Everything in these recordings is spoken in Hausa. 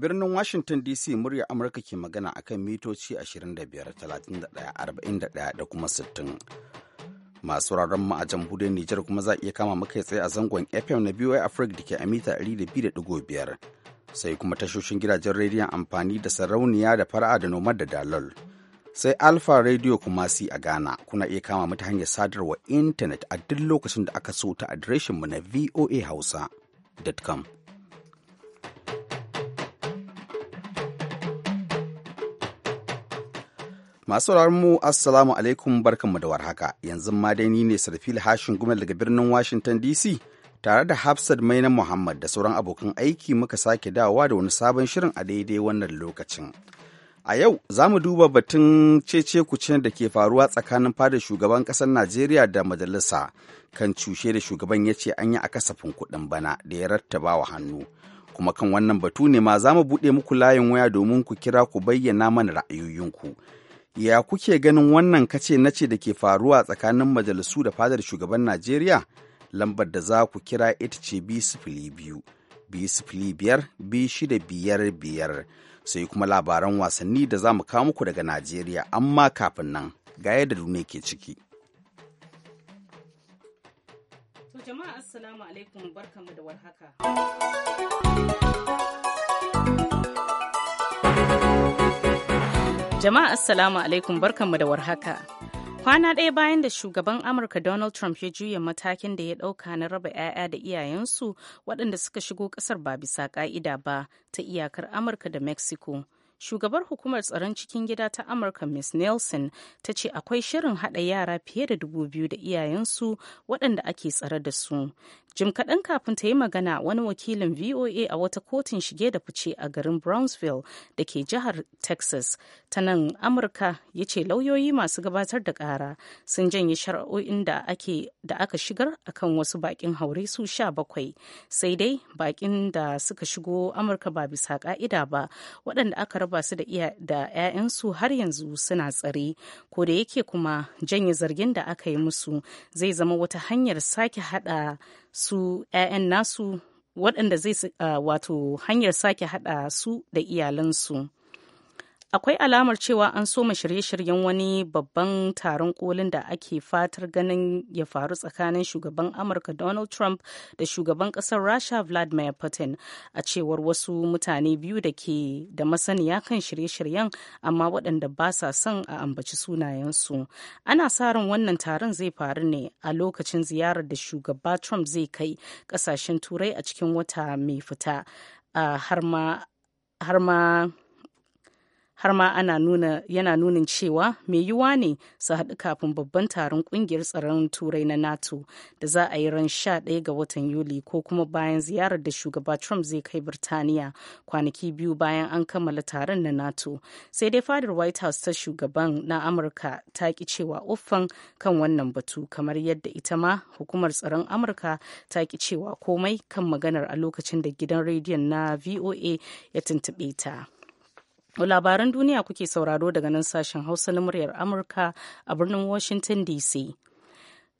birnin Washington DC murya Amurka ke magana a kan mitoci 25, 31, 41 da kuma 60. masu rarren mu a jamhuriyar Nijar kuma za a iya kama maka tsaye a zangon FM na BYU Africa da ke a mita 200.5 sai kuma tashoshin gidajen rediyon amfani da sarauniya da fara'a da nomad da dalol. Sai Alpha Radio kuma si a Ghana kuna iya kama mata hanyar sadarwa intanet a duk lokacin da aka so ta adireshin mu na voahausa.com. Masu mu Assalamu alaikum barkanmu da warhaka. Yanzu ma dai ni ne Sarfil Hashin Gumel daga birnin Washington DC tare da Hafsat Maina Muhammad da sauran abokan aiki muka sake dawowa da wani sabon shirin a daidai wannan lokacin. A yau za mu duba batun cece kucin da ke faruwa tsakanin fada shugaban ƙasar Najeriya da majalisa kan cushe da shugaban ya ce an yi a kasafin kuɗin bana da ya rattaba wa hannu. Kuma kan wannan batu ne ma za mu buɗe muku layin waya domin ku kira ku bayyana mana ra'ayoyinku. ya kuke ganin wannan kace na ce da ke faruwa tsakanin majalisu da fadar shugaban najeriya lambar da za ku kira ita ce b sifili biyu b sifili biyar b shida biyar biyar sai kuma labaran wasanni da za mu kawo muku daga najeriya amma kafin nan ga yadda duniya ke ciki jama'a assalamu alaikum barkamu da warhaka Jama'a Assalamu alaikum barkanmu da warhaka. Kwana ɗaya bayan da shugaban Amurka Donald Trump ya juya matakin da ya ɗauka na raba 'ya'ya da iyayensu waɗanda suka shigo ƙasar ba bisa ƙa'ida ba ta iyakar Amurka da Mexico. shugabar hukumar tsaron cikin gida ta amurka miss nelson ta ce akwai shirin haɗa yara fiye da dubu biyu da iyayensu waɗanda ake tsare da su jim kaɗan kafin ta yi magana wani wakilin voa a wata kotun shige da fice a garin brownsville da ke jihar texas ta nan amurka ya ce lauyoyi masu gabatar da ƙara sun janye shari'o'in da aka shigar akan wasu baƙin haure su sha bakwai sai dai baƙin da suka shigo amurka ba bisa ƙa'ida ba waɗanda aka ba su da iya da 'ya'yansu har yanzu suna tsare ko da yake kuma janye zargin da aka yi musu zai zama wata hanyar sake hada su 'ya'yan nasu waɗanda zai ah, wato hanyar sake hada su da iyalansu. akwai alamar cewa an soma shirye-shiryen wani babban taron kolin da ake fatar ganin ya faru tsakanin shugaban amurka donald trump da shugaban kasar rasha vladimir putin a cewar wasu mutane biyu da ke da masaniya kan shirye-shiryen amma waɗanda ba sa son a ambaci sunayensu ana sa ran wannan taron zai faru ne a lokacin ziyarar da shugaba trump zai kai ƙasashen turai a cikin wata mai fita har ma har ma ana nuna yana nunin cewa mai yiwuwa ne su haɗu kafin babban taron ƙungiyar tsaron turai na nato da za a yi ran sha ɗaya ga watan yuli ko kuma bayan ziyarar da shugaba trump zai kai birtaniya kwanaki biyu bayan an kammala taron na nato sai dai fadar white house ta shugaban na amurka ta ki cewa uffan kan wannan batu kamar yadda ita ma hukumar tsaron amurka ta ki cewa komai kan maganar a lokacin da gidan rediyon na voa ya tuntuɓe ta. Labaran duniya kuke sauraro daga nan sashen Hausa na muryar Amurka a birnin Washington DC.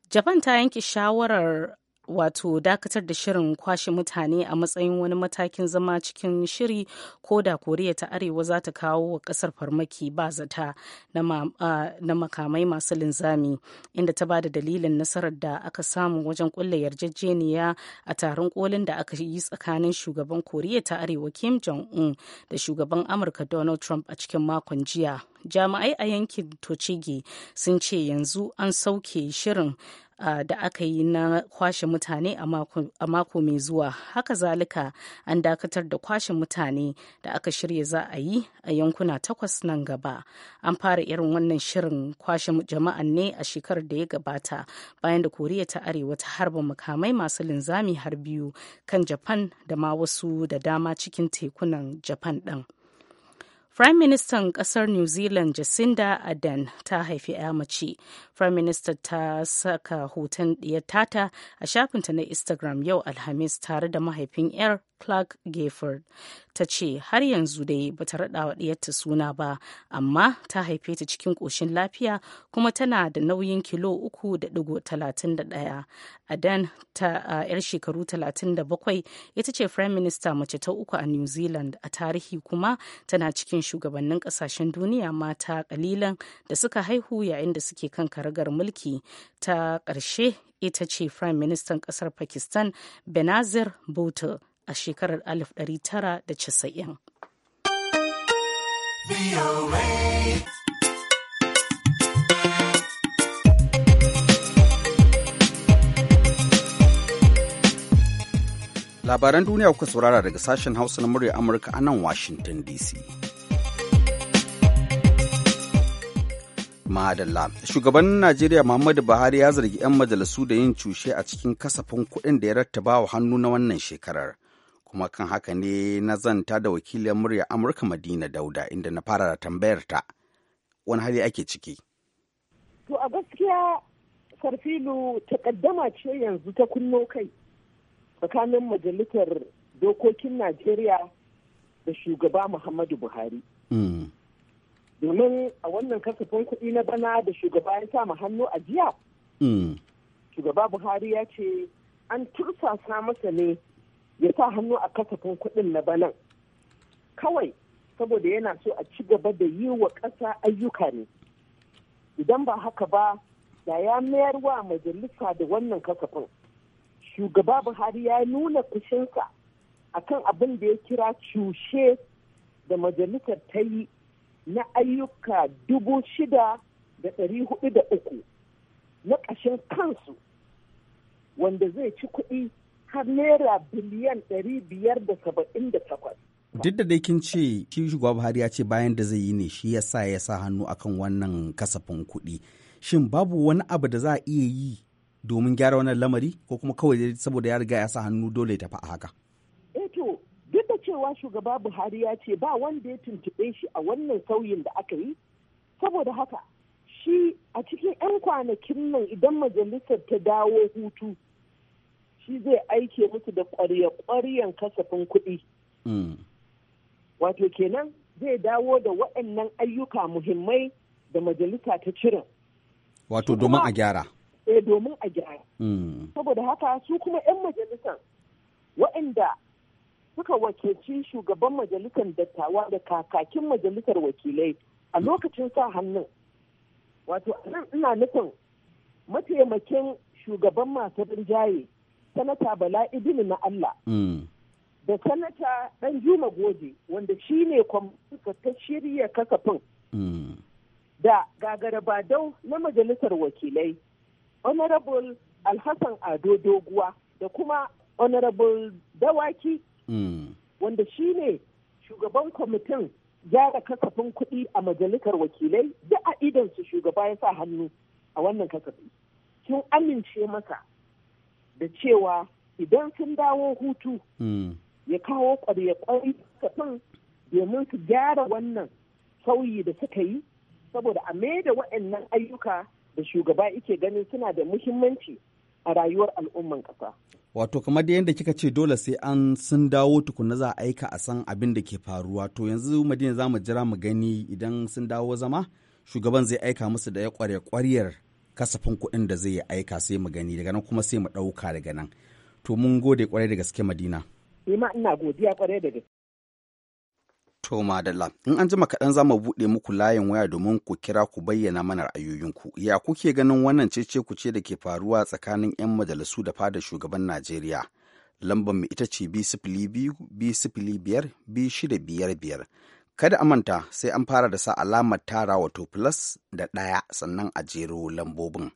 Japan ta yanke shawarar wato dakatar da shirin kwashe mutane a matsayin wani matakin zama cikin shiri ko da koriya ta arewa za ta kawo wa kasar farmaki ba zata na makamai masu linzami inda ta ba da dalilin nasarar da aka samu wajen kulle yarjejeniya a taron kolin da aka yi tsakanin shugaban koriya ta arewa kim jong-un da shugaban amurka donald trump a cikin makon jiya jami'ai a yankin tochigi sun ce yanzu an sauke shirin Ah, da aka yi na kwashe mutane a mako mai zuwa haka zalika an dakatar da kwashe mutane da aka shirya za a yi a yankuna takwas nan gaba an fara irin wannan shirin kwashe jama'an ne a shekarar da ya gabata bayan da koriya ta arewa ta harba makamai masu linzami har biyu kan japan da ma wasu da dama cikin tekunan japan ɗin. Prime Minister kasar New Zealand Jacinda Ardern ta haifi 'ya mace. Prime Minister ta saka hoton ɗiyar tata a shafinta na Instagram yau Alhamis tare da mahaifin 'yar Clark Gayford ta ce har yanzu dai bata raɗa wa ɗiyarta suna ba amma ta haife ta cikin ƙoshin lafiya kuma tana da nauyin kilo uku a ɗigo talatin da ta yar shekaru talatin da bakwai ita ce Prime Minister mace ta uku a New Zealand a tarihi kuma tana cikin shugabannin ƙasashen duniya mata ƙalilan da suka haihu yayin da suke kan karagar mulki ta ƙarshe ita ce Prime Ministan ƙasar Pakistan Benazir Bhutto a shekarar 1990. Labaran duniya kuka saurara daga sashen Hausa na murya Amurka a nan Washington DC. Madalla. Shugaban Najeriya Muhammadu Buhari ya zargi 'yan majalisu da yin cushe a cikin kasafin kuɗin da ya rattaba wa hannu na wannan shekarar. kuma kan haka ne na zanta da wakilin murya amurka madina dauda inda na fara tambayar ta wani hali ake ciki to a gaskiya sarfilu takaddama ce yanzu ta kunno kai tsakanin majalisar dokokin najeriya da shugaba muhammadu buhari hmm. domin a wannan kasafin kuɗi na bana da shugaba ya sa hannu a jiya hmm. shugaba buhari ya ce an tursasa masa ne ya sa hannu a kasafin kuɗin na banan kawai saboda yana so a ci gaba da yi wa ƙasa ayyuka ne idan ba haka ba da ya mayar wa majalisa da wannan kasafin shugaba buhari ya nuna kushinsa akan abin da ya kira cushe da majalisar ta yi na ayyuka dubu shida da ɗari hudu da uku na ƙashin kansu wanda zai ci kuɗi har naira biliyan ɗari biyar da saba'in da takwas. Duk da dai kin ce shi shugaba Buhari ya ce bayan da zai yi ne shi ya sa ya sa hannu akan wannan kasafin kuɗi. Shin babu wani abu da za a iya yi domin gyara wannan lamari ko kuma kawai saboda ya riga ya sa hannu dole ya tafi a haka? Eto, eh duk da cewa shugaba Buhari ya ce ba wanda ya tuntuɓe shi a wannan sauyin da aka yi, saboda haka shi a cikin 'yan kwanakin nan idan majalisar ta dawo hutu shi zai aike musu da ƙwarya kwaryan kasafin kuɗi. Mm. Wato kenan zai dawo da waɗannan ayyuka muhimmai da majalisa ta cire. Wato domin a gyara. Eh domin a gyara. Mm. Saboda haka su kuma 'yan majalisan waɗanda suka wakilci shugaban majalisar dattawa da kakakin majalisar wakilai a mm. lokacin sa hannun. Wato nan ina nufin mataimakin shugaban masu rinjaye sanata bala idini na allah mm. da sanata dan juma goje wanda shi ne kwamfuta ta shirya kasafin mm. da gagarabadau na majalisar wakilai honorable alhassan ado doguwa da kuma honorable dawaki mm. wanda shi ne shugaban kwamitin gyara kasafin kuɗi a majalisar wakilai da a idansu shugaba ya sa hannu a wannan kasafi kin amince maka. da cewa idan sun dawo hutu hmm. ya kawo kwarye-kwarye kafin domin su gyara wannan sauyi da suka yi saboda a da waɗannan ayyuka da shugaba ike ganin suna da muhimmanci a rayuwar al'umman ƙasa. Wato kamar da yadda kika ce dole sai an sun dawo tukuna za a aika a san abin da ke faruwa to yanzu madina za mu jira mu gani idan sun dawo zama shugaban zai aika musu da ya kware kwariyar. kasafin kuɗin da zai aika sai mu gani daga nan kuma sai mu ɗauka daga nan to mun gode kwarai da gaske madina ima eh, ina godiya kwarai da gaske to madalla in an jima kaɗan za mu buɗe muku layin waya domin ku kira ku bayyana mana ra'ayoyinku ya kuke ganin wannan cece ku ce da ke faruwa tsakanin 'yan majalisu da fadar shugaban najeriya lambar mu ita ce b sifili biyu b sifili biyar b shida biyar biyar Kada a manta sai an fara da sa alamar tara wato plus da ɗaya sannan a jero lambobin.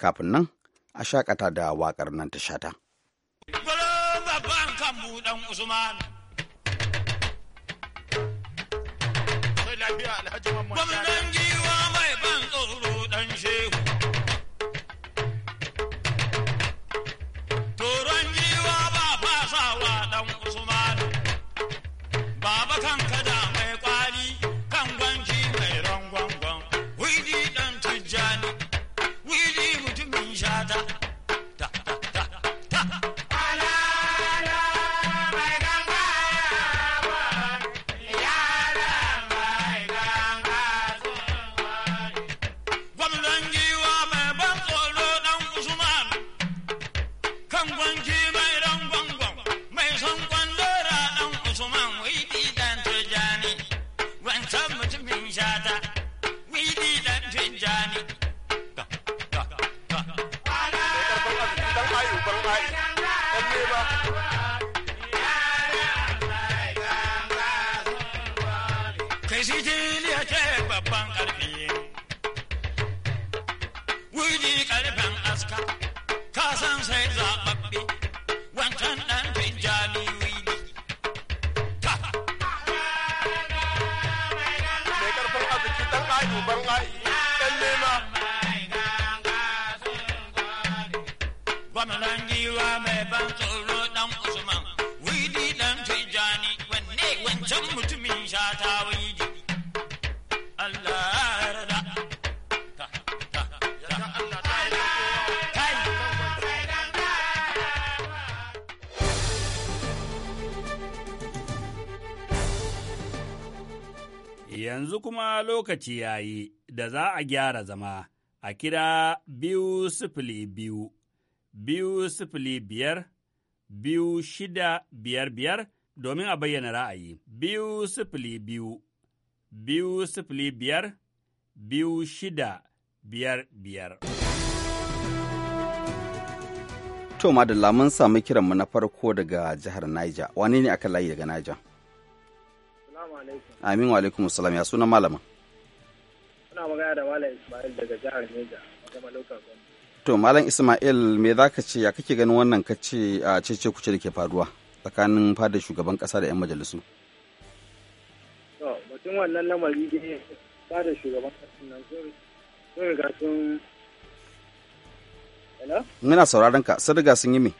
Kafin nan a shakata da waƙar nan ta shata. ziti liya cɛ babban kan. lokaci ya yi da za a gyara zama a kira biyu sifili biyu, biyu sifili biyar, biyu shida biyar biyar domin a bayyana ra'ayi. Biyu sifili biyu, biyu sifili biyar, biyu shida biyar biyar. To madalla mun sami kiranmu na farko daga jihar Niger. Wani ne aka layi daga Niger? Amin wa alaikum salam ya sunan malama. suna magana da Malam Ismail daga jihar Neja, magama local To Malam Ismail me za ka ce ya kake ganin wannan ka ce a cece kuce da ke faruwa tsakanin fadar shugaban kasa da 'yan majalisu? To mutum wannan lamari ne fadar shugaban kasa nan sun riga sun Muna sauraron ka, sun riga sun yi me?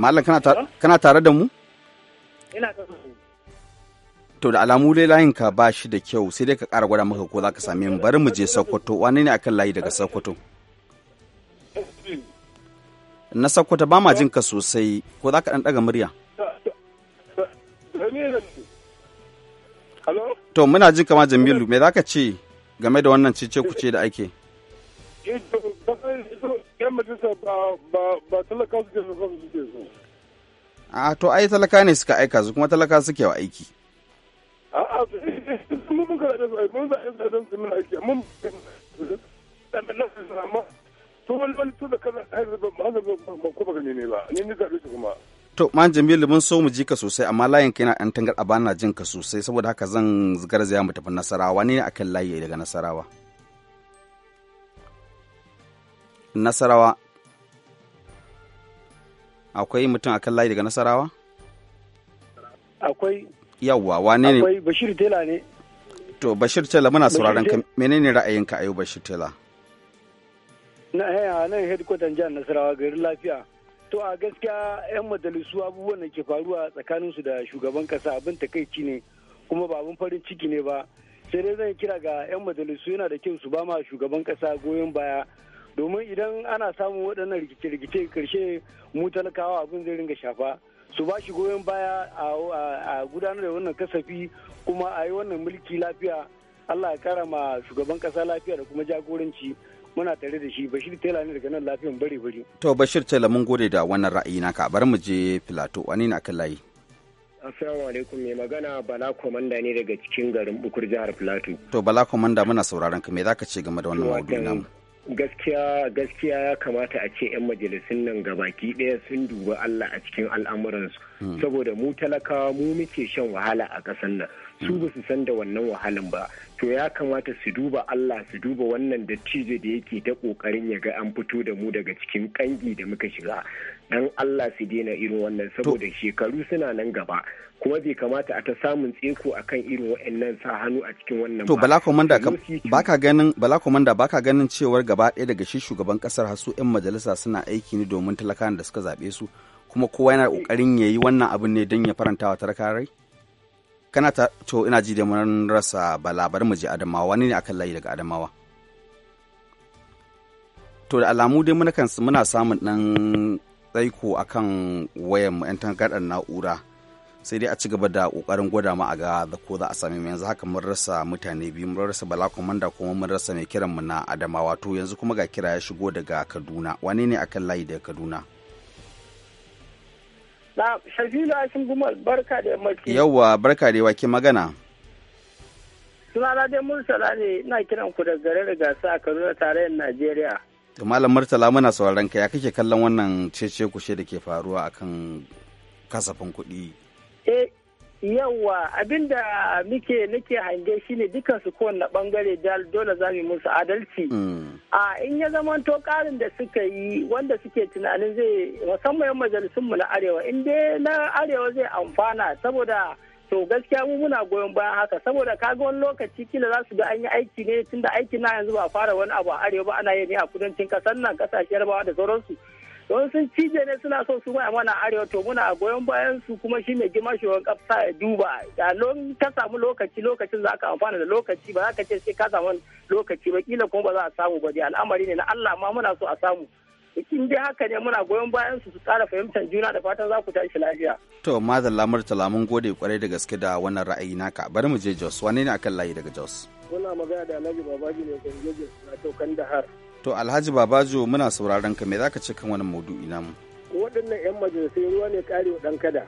Malam kana tare da mu? Ina tare da mu. To da alamu dai layin ka ba shi da kyau sai dai ka kara gwada maka ko za ka same mu bari mu je Sokoto wani ne akan layi daga Sokoto? Na Sokoto ba ma jin ka sosai ko za ka ɗan murya? To muna jin kama Jamilu me za ka ce game da wannan cece kuce da ake? Eh, A ah, to ai talaka ne suka aika su kuma talaka suke wa aiki. a'a mun mun to wani man Jamilu mun so mu ji ka sosai amma layin ka ɗan tangar a bana jin ka sosai saboda haka zan garzaya mu tafi Nasarawa ne akan layi daga Nasarawa. Nasarawa akwai mutum akan layi daga Nasarawa? Akwai. yawwa wane ne akwai bashir tela ne to bashir tela muna sauraron ka menene ra'ayinka ayo bashir tela na haya eh, nan headquarter jihar nasarawa garin lafiya to a gaskiya 'yan majalisu abubuwan da ke faruwa tsakanin su da shugaban kasa abin takaici ne kuma ba abin farin ciki ne ba sai dai zan kira ga 'yan majalisu yana da kyau su ba ma shugaban kasa goyon baya domin idan ana samun waɗannan rikice-rikice karshe mu talakawa abin zai ringa shafa su ba shi goyon baya a gudanar da wannan kasafi kuma a yi wannan mulki lafiya allah ya kara ma shugaban kasa lafiya da kuma jagoranci muna tare da shi bashir tela ne daga nan lafiyan bari bari to bashir tela mun gode da wannan ra'ayi naka bari mu je filato wani na kan layi assalamu alaikum mai magana bala komanda ne daga cikin garin bukur jihar filato to bala komanda muna sauraron ka me zaka ce game da wannan maudu'i namu gaskiya gaskiya ya kamata a ce 'yan majalisun nan gabaki ɗaya sun duba Allah a cikin al'amuransu hmm. saboda mu talakawa mu muke shan wahala a ƙasar nan su hmm. ba su san da wannan wahalan ba to ya kamata su duba Allah su duba wannan dattijo da yake ta kokarin ya ga an fito da mu daga cikin kangi da muka shiga dan Allah su daina irin wannan saboda shekaru suna nan gaba kuma bai kamata a ta samun tseko akan irin waɗannan sa hannu a cikin wannan to da baka ganin bala komanda baka ganin cewar gaba ɗaya daga shi shugaban kasar hasu yan majalisa suna aiki ne domin talakan da suka zaɓe su kuma kowa yana kokarin yi wannan abin ne don ya faranta wa talakawa kana ta to ina ji da mun rasa bala mu je adamawa wani ne akan layi daga adamawa to da alamu dai muna muna samun ɗan. tsaiko akan wayan yan tangarɗar na'ura sai dai a ci gaba da kokarin gwada mu a ga da ko za a sami yanzu haka mun rasa mutane biyu mun rasa bala komanda kuma mun rasa mai kiran mu na adamawa to yanzu kuma ga kira ya shigo daga kaduna wane ne akan layi daga kaduna na shafila sun kuma barka da yammaci yawwa barka da yawaki magana da dai mursala ne ina kiran ku da garin gasa a kaduna tarayyar najeriya to malam murtala muna sauraron ka ya kake kallon wannan cece kushe da ke faruwa akan kasafin kuɗi eh yawa abinda muke nake hange shine dukan su kowanne bangare dole za mu musu adalci mm. a in ya zamanto to karin da suka yi wanda suke tunanin zai musamman majalisunmu na arewa in dai na arewa zai amfana saboda to gaskiya mu muna goyon bayan haka saboda kaga wani lokaci kila za su ga an yi aiki ne tunda aikin na yanzu ba a fara wani abu a arewa ba ana yi ne a kudancin kasar nan kasashe rabawa da sauransu don sun cije ne suna so su mai mana arewa to muna goyon bayan su kuma shi mai shi wani kasa ya duba da ka samu lokaci lokacin za ka amfana da lokaci ba za ka ce sai ka samu lokaci ba kila kuma ba za a samu ba dai al'amari ne na Allah ma muna so a samu in dai haka ne muna goyon bayan su su kara fahimtar juna da fatan za ku tashi lafiya. To madalla Lamar mun gode kwarai da gaske da wannan ra'ayi naka bari mu je Jos wani ne akan layi daga Jos? Muna magana da Alhaji Babaji ne kan jeje na tokan da har. To Alhaji Babaji muna sauraron ka me zaka ce kan wannan maudu'i namu? Waɗannan 'yan majalisai ruwa ne karewa ɗan kada.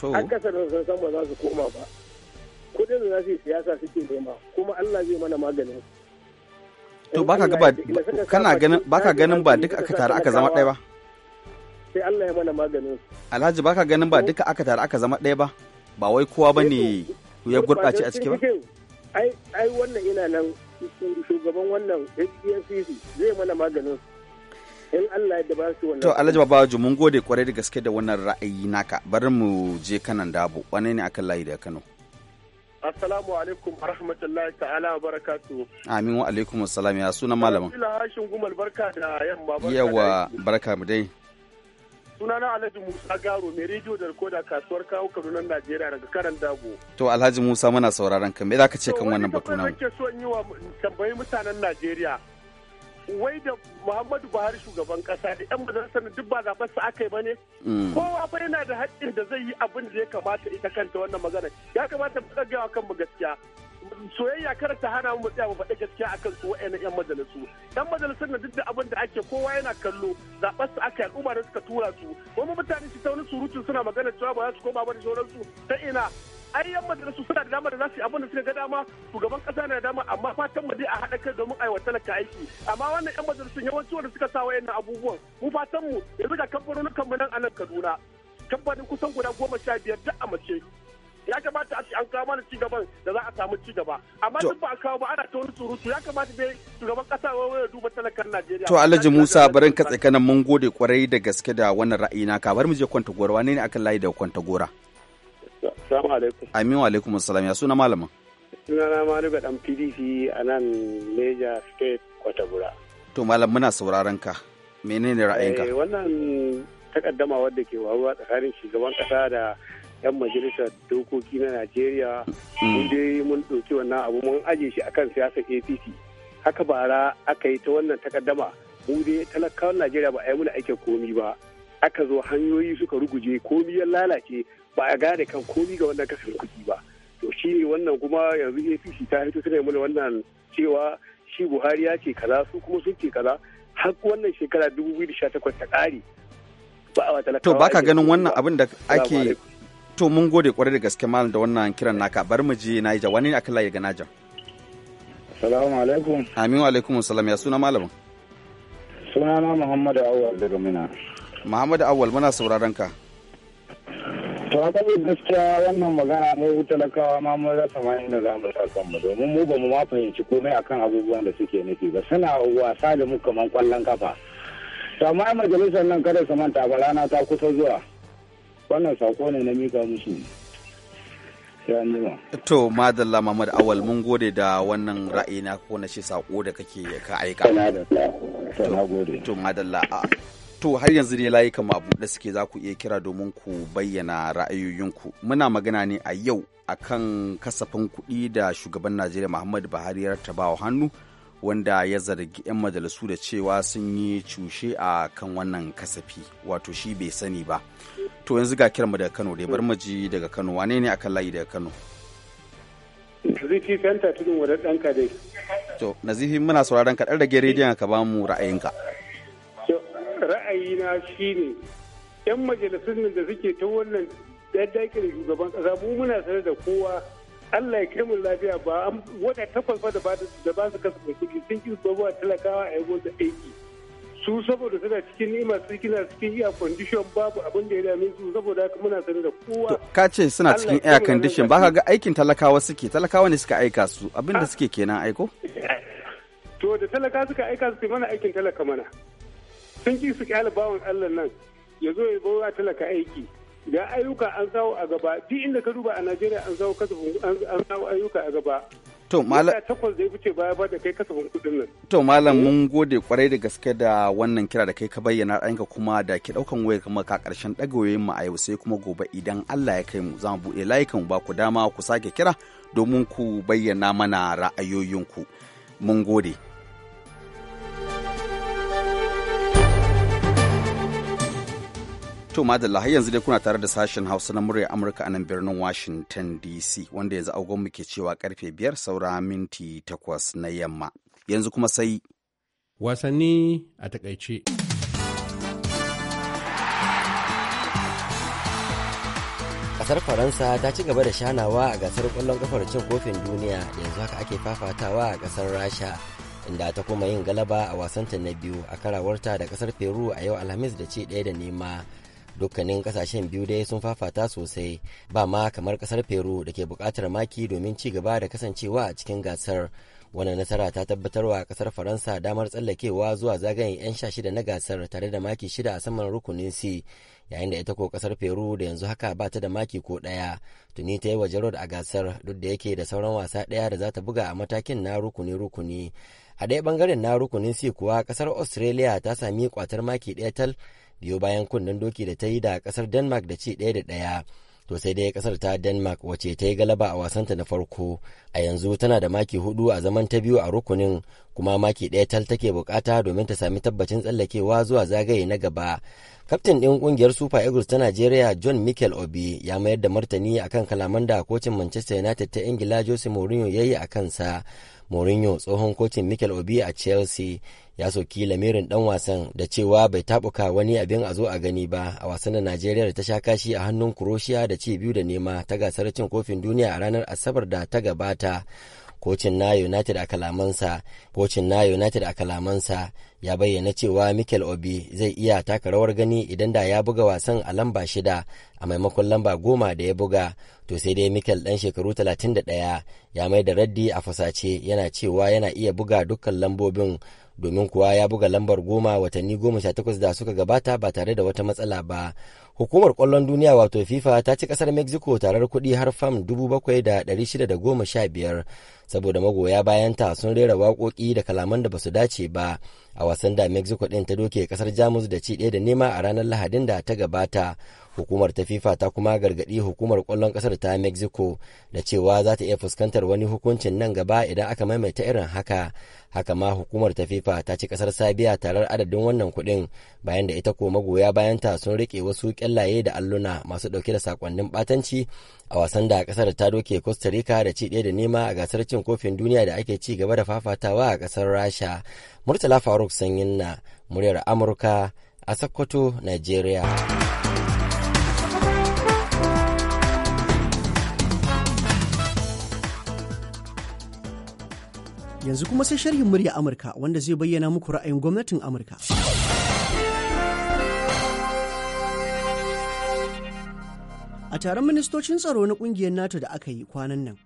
To. An kasa da san ba za su koma ba. Kudin da za su yi siyasa suke nema kuma Allah zai mana maganin su. to baka ga kana ganin baka ganin ba duka aka tare aka zama ɗaya ba sai Allah ya mana maganin Alhaji baka ganin ba eh? duka aka tare aka zama ɗaya ba ba wai kowa bane eh, ya gurɓace a ciki ba ai ai wannan ina nan shugaban wannan HDFC zai mana maganin in Allah ya ba su wannan to Alhaji Babaji mun gode kwarai da gaske da wannan ra'ayi naka bari mu je kanan dabo wane ne akan layi da Kano Assalamu alaikum wa rahmatullahi ta'ala wa barakatu. Amin wa alaikum assalam ya sunan malamin. Ila hashin gumal barka da yamma barka. Yawa barka mu dai. Sunana Alhaji Musa Garo mai rediyo da rikoda kasuwar kawo Kaduna Najeriya daga karan dago. To Alhaji Musa muna sauraron ka me zaka ce kan wannan batu na mu? To wani so in yi wa tambayi mutanen Najeriya. wai da muhammadu buhari shugaban kasa da yan majalisar duk ba zaben su aka yi ba ne mm. kowa ba yana da haƙƙin da zai yi abin da ya kamata ita kanta wannan magana ya kamata mu tsagawa kanmu gaskiya soyayya kar ta hana mu tsaya mu faɗi gaskiya akan su wa'annan yan majalisu yan majalisar na duk da abin da ake kowa yana kallo zaɓar su aka al'umma da suka tura su Wani mutane su ta wani surutun suna magana cewa ba za su koma ba da sauransu ta ina ai yan majalisu suna da dama da za su yi abin da suka ga dama shugaban kasa na da dama amma fatan mu dai a haɗa kai domin aiwatar talaka aiki amma wannan yan majalisun yawanci wanda suka sa wayannan abubuwan mu fatan mu yanzu ga kamfanonin kanmu nan a nan Kaduna kamfanin kusan guda goma sha biyar duk a mace ya kamata a ce an kawo mana cigaban da za a samu gaba. amma duk ba a kawo ba ana ta wani surutu ya kamata dai shugaban kasa ya duba talakan Najeriya to Alhaji Musa barin ka tsakanin mun gode kwarai da gaske da wannan ra'ayi naka bar mu je kwanta gora wane ne akan layi da kwanta gora Salamu Amin wa alaikum assalam ya suna malama. Sunana Maluga dan PDC a nan Major State Kwatagura. To malam muna sauraron ka. Menene ra'ayinka? Eh wannan takaddama wadda ke wawa tsakanin shugaban kasa da yan majalisar dokoki na Najeriya mm. mun dai mun ɗauki wannan abu mun ajiye shi akan siyasar APC. Haka bara aka yi ta wannan takaddama mu dai talakawan Najeriya ba a yi muna aikin komi ba. aka zo hanyoyi suka ruguje komi ya lalace ba a gane kan komi ga wannan kasafin kuɗi ba to shi ne wannan kuma yanzu apc ta hito tana mana wannan cewa shi buhari ya ce kaza su kuma sun ce kaza har wannan shekara 2018 ta ƙare ba a wata to baka ganin wannan abin da ake to mun gode kwarai da gaske malam da wannan kiran naka bar mu je Naija wani ne akan layi ga Naija Assalamu alaikum Amin wa alaikum salam ya suna malamin Sunana Muhammadu Awwal daga Mina Muhammadu Awwal muna sauraron ka to a gaskiya wannan magana mu talakawa ma mun rasa ma inda za mu sa mu domin mu ba mu ma fahimci komai akan abubuwan da suke nufi ba suna wasa da mu kaman kwallon kafa to amma majalisar nan kada su manta ba rana ta kusa zuwa wannan sako ne na mika musu To madalla Muhammad Awal mun gode da wannan ra'ayi na ko na ce sako da kake ka aika. To madalla To har yanzu ne layukan mu abu da suke za ku iya kira domin ku bayyana ra'ayoyinku. Muna magana ne a yau akan kasafin kuɗi da shugaban Najeriya Muhammadu Buhari ya rattabawa hannu wanda ya zargi 'yan majalisu da cewa sun yi cushe a kan wannan kasafi wato shi bai sani ba. To yanzu ga kiranmu daga Kano dai bar maji daga Kano wane ne akan layi daga Kano? Nazifi Fenta tudun wadar ɗanka dai. To Nazifi muna sauraron ka ɗan rage rediyon ka ba mu ra'ayinka. ra'ayina shine yan majalisun da suke ta wannan daidaikin da shugaban kasa mu muna sanar da kowa Allah ya kaimu lafiya ba wata takwas da ba da ba su da kuɗi sun ki ba talakawa a yago da aiki su saboda suna cikin ni'ima su kina cikin air condition babu abin da ya dame su saboda haka muna sanar da kowa ka ce suna cikin air condition ba ka ga aikin talakawa suke talakawa ne suka aika su abin da ah. suke kenan aiko to da talaka suka aika su mana aikin talaka mana sun ki su kyale bawan allah nan ya zo ya bawa talaka aiki ga ayyuka an zawo a gaba duk inda ka duba a najeriya an zawo kasafin an ayyuka a gaba To malam takwas zai fice baya ba da kai kasafin kudin nan. To malam mun gode kwarai da gaske da wannan kira da kai ka bayyana ɗanka kuma da ke ɗaukan wayar kamar ka karshen ɗagawoyin mu a yau sai kuma gobe idan Allah ya kai mu za mu buɗe layukan ba ku dama ku sake kira domin ku bayyana mana ra'ayoyinku. Mun gode. To madalla har yanzu dai kuna tare da sashen Hausa na murya Amurka a nan birnin Washington DC wanda yanzu agon ke cewa karfe biyar saura minti takwas na yamma. Yanzu kuma sai wasanni a takaice. Kasar Faransa ta ci gaba da shanawa a gasar kwallon kafar cin kofin duniya yanzu haka ake fafatawa a kasar Rasha inda ta kuma yin galaba a wasanta na biyu a karawarta da kasar Peru a yau Alhamis da ce daya da nema. dukkanin kasashen biyu dai sun fafata sosai ba ma kamar kasar peru da ke bukatar maki domin ci gaba da kasancewa a cikin gasar wannan nasara ta tabbatarwa kasar faransa damar tsallakewa zuwa zagayen 'yan sha shida na gasar tare da maki shida a saman rukunin c yayin da ita ko kasar peru da yanzu haka ba ta da maki ko daya tuni ta yi wa jarod a gasar duk da yake da sauran wasa daya da za ta buga a matakin na rukuni-rukuni a ɗaya bangaren na rukunin c kuwa kasar australia ta sami kwatar maki ɗaya tal biyu bayan kunnen doki da ta yi da kasar denmark da ci ɗaya da ɗaya to sai dai kasar ta denmark wace ta yi galaba a wasanta na farko a yanzu tana da maki hudu a zaman ta biyu a rukunin kuma maki ɗaya tal take bukata domin ta sami tabbacin tsallakewa zuwa zagaye na gaba kaftin ɗin ƙungiyar super eagles ta nigeria john michael obi ya mayar da martani akan kalaman da kocin manchester united ta ingila jose mourinho ya yi a kansa Mourinho tsohon kocin Mikel Obi a Chelsea ya soki lamirin dan wasan da cewa bai tabuka wani abin a zo a gani ba a wasan da Najeriya da ta sha kashi a hannun Croatia da ci biyu da nema ta gasar cin kofin duniya a ranar Asabar da ta gabata. kocin na united a kalamansa kocin na united a kalamansa ya bayyana cewa mikel obi zai iya taka rawar gani idan da ya buga wasan a lamba shida a maimakon lamba goma da ya buga to sai dai mikel dan shekaru 31 ya mai da raddi a fasace yana cewa yana iya buga dukkan lambobin domin kuwa ya buga lambar goma watanni goma sha takwas da suka gabata ba tare da wata matsala ba hukumar kwallon duniya wato fifa ta ci kasar mexico tarar kuɗi har fam dubu bakwai da ɗari shida da goma sha biyar saboda magoya bayanta sun rera waƙoƙi da kalaman da basu dace ba a wasan da mexico ɗin ta doke kasar jamus da ci ɗaya da nema a ranar lahadin da ta gabata hukumar ta fifa ta kuma gargadi hukumar kwallon kasar ta mexico da cewa za ta iya fuskantar wani hukuncin nan gaba idan aka maimaita irin haka haka ma hukumar ta fifa ta ci kasar sabiya tarar adadin wannan kuɗin bayan da ita ko magoya bayanta sun rike wasu ƙyallaye da alluna masu ɗauke da sakonnin batanci a wasan da kasar ta doke costa rica da ci daya da nema a gasar cin kofin duniya da ake ci gaba da fafatawa a kasar rasha murtala faruk sanyin na muryar amurka a sokoto nigeria Yanzu kuma sai sharhin murya Amurka wanda zai bayyana muku ra'ayin gwamnatin Amurka. A taron ministocin tsaro na kungiyar NATO da aka yi kwanan nan,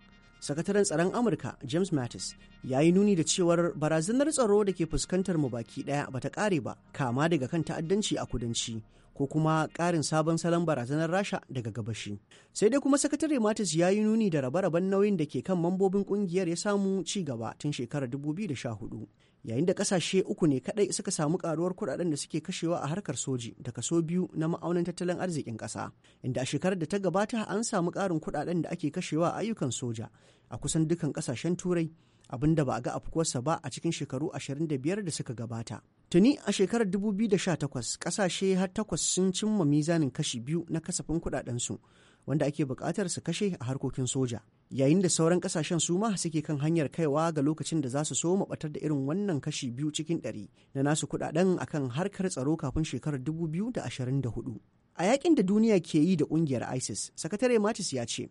sakataren tsaron Amurka James Mattis ya yi nuni da cewar barazanar tsaro da ke fuskantar mu baki daya bata kare ba, kama daga kan ta'addanci a kudanci ko kuma ƙarin sabon salon barazanar rasha daga gabashi sai dai kuma sakatare matis ya yi nuni da rabe-raben nauyin da ke kan mambobin ƙungiyar ya samu ci gaba tun shekarar 2014 yayin da ƙasashe uku ne kaɗai suka samu ƙaruwar kuɗaɗen da suke kashewa a harkar soji da kaso biyu na ma'aunin tattalin arzikin ƙasa inda a shekarar da ta gabata an samu ƙarin kuɗaɗen da ake kashewa a ayyukan soja a kusan dukkan ƙasashen turai abin da ba a ga afkuwarsa ba a cikin shekaru 25 da suka gabata Tuni a shekarar 2018 kasashe har takwas sun cimma mizanin kashi biyu na kasafin su wanda ake buƙatar su kashe a harkokin soja. Yayin da sauran kasashen su ma suke kan hanyar kaiwa ga lokacin da za su so batar da irin wannan kashi biyu cikin ɗari na nasu kuɗaɗen kan harkar tsaro kafin shekarar 2024. A yakin da duniya ke yi da ƙungiyar ISIS, Sakatare Matis ya ce,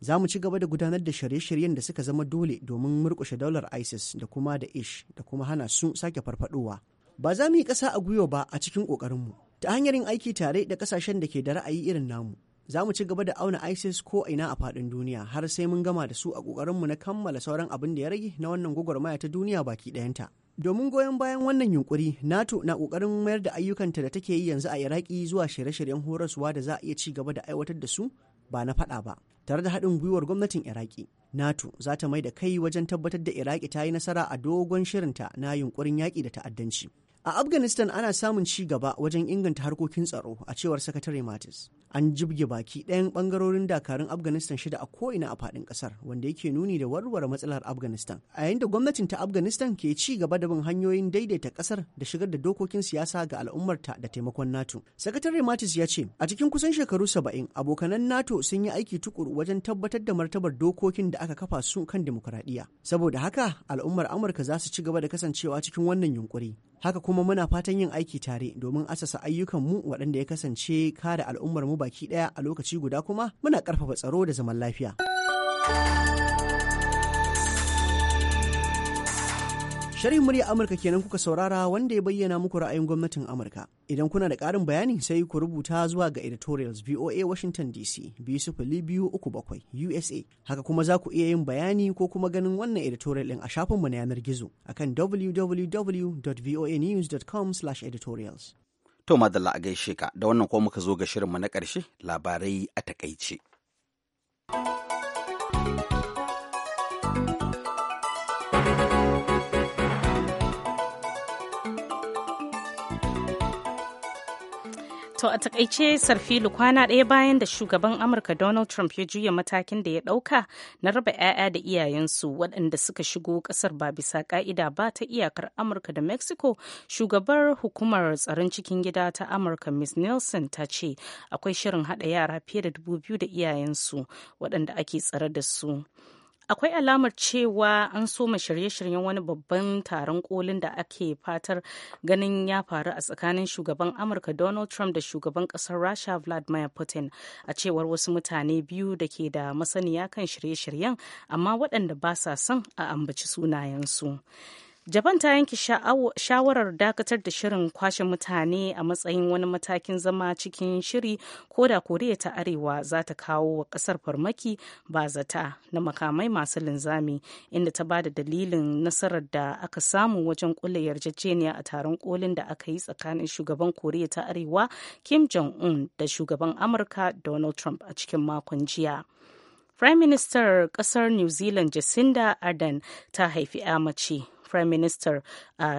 za mu ci gaba da gudanar da shirye-shiryen da suka zama dole domin murƙushe daular isis da kuma da ish da kuma hana su sake farfadowa Ba za mu yi ƙasa a gwiwa ba a cikin ƙoƙarinmu. Ta hanyar yin aiki tare da ƙasashen da ke da ra'ayi irin namu. Za mu ci gaba da auna ISIS ko ina a faɗin duniya har sai mun gama da su a ƙoƙarinmu na kammala sauran abin da ya rage na wannan gwagwarmaya ta duniya baki ɗayanta. Domin goyon bayan wannan yunkuri, NATO na ƙoƙarin mayar da ayyukanta da take yi yanzu a Iraki zuwa shirye-shiryen horaswa da za a iya ci gaba da aiwatar da su ba na faɗa ba, tare da haɗin gwiwar gwamnatin Iraki. NATO za ta mai da kai wajen tabbatar da Iraki ta yi nasara a dogon shirinta na yunkurin yaƙi da ta'addanci. A Afghanistan ana samun ci gaba wajen inganta harkokin tsaro a cewar Sakatare Mattis. An jibge baki ɗayan ɓangarorin dakarun Afghanistan shida a ko'ina a faɗin ƙasar wanda yake nuni da warware matsalar Afghanistan. A yayin da gwamnatin ta Afghanistan ke ci gaba da bin hanyoyin daidaita ƙasar da shigar da dokokin siyasa ga al'ummarta da taimakon NATO. Sakatare Mattis ya ce a cikin kusan shekaru saba'in abokanan NATO sun yi aiki tukuru wajen tabbatar da martabar dokokin da aka kafa su kan dimokuraɗiyya. Saboda haka al'ummar Amurka za su ci gaba da kasancewa cikin wannan yunkuri. haka kuma muna fatan yin aiki tare domin asasa ayyukan mu waɗanda ya kasance kare al'ummar mu baki ɗaya a lokaci guda kuma muna ƙarfafa tsaro da zaman lafiya. Sharhin murya Amurka kenan kuka saurara wanda ya bayyana muku ra'ayin gwamnatin Amurka. Idan kuna da ƙarin bayani sai ku rubuta zuwa ga editorials VOA Washington DC bakwai USA. Haka kuma za ku iya yin bayani ko kuma ganin wannan editorial ɗin a shafinmu na yanar gizo akan www.voanews.com/editorials. To madalla a gaishe ka da wannan ko muka zo ga shirinmu na ƙarshe labarai a takaice. To a takaice sarfilu kwana ɗaya bayan da shugaban Amurka Donald Trump ya juya matakin da ya ɗauka na raba 'ya'ya da iyayensu waɗanda suka shigo ƙasar ba bisa ƙa'ida ba ta iyakar Amurka da Mexico, shugabar hukumar tsaron cikin gida ta Amurka Ms. Nelson ta ce akwai shirin haɗa yara fiye da dubu biyu da iyayensu waɗanda ake tsare da su. akwai alamar cewa an soma shirye-shiryen wani babban taron kolin da ake fatar ganin ya faru a tsakanin shugaban amurka donald trump da shugaban kasar rasha vladimir putin a cewar wasu mutane biyu da ke da masaniya kan shirye-shiryen amma waɗanda ba sa son a ambaci sunayensu japan ta yanke shawarar dakatar da shirin kwashe mutane a matsayin wani matakin zama cikin shiri ko da koriya ta arewa za ta kawo wa kasar farmaki ba zata na makamai masu linzami inda ta ba da dalilin nasarar da aka samu wajen kulle yarjejeniya a taron kolin da aka yi tsakanin shugaban koriya ta arewa kim jong-un da shugaban amurka donald trump a cikin makon jiya Prime Minister kasar New Zealand Jacinda Ardern ta haifi 'ya mace prime minister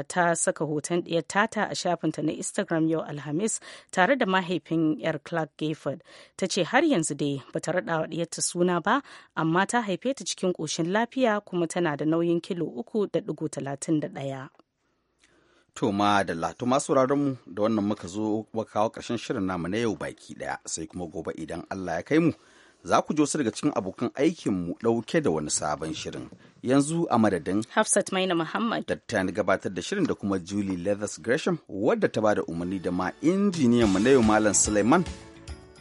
ta saka hoton ɗiyar tata a shafinta na instagram yau alhamis tare da mahaifin yar clark gafford ta ce har yanzu dai bata raɗa wa ɗiyarta suna ba amma ta haife ta cikin ƙoshin lafiya kuma tana da nauyin kilo uku da ɗigo talatin da ɗaya. To ma da lato masu mu da wannan muka zo kawo ƙarshen shirin namu na yau baki ɗaya sai kuma gobe idan Allah ya kai mu za ku ji wasu daga cikin abokan aikinmu ɗauke da wani sabon shirin. Yanzu a madadin Hafsat Maina Muhammad da gabatar da shirin da kuma Julie Leathers Gresham wadda ta bada umarni da ma injiniyan mu na yau Malam Suleiman.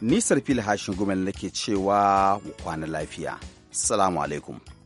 Nisar fili hashin gumel nake cewa kwana lafiya. Salamu alaikum.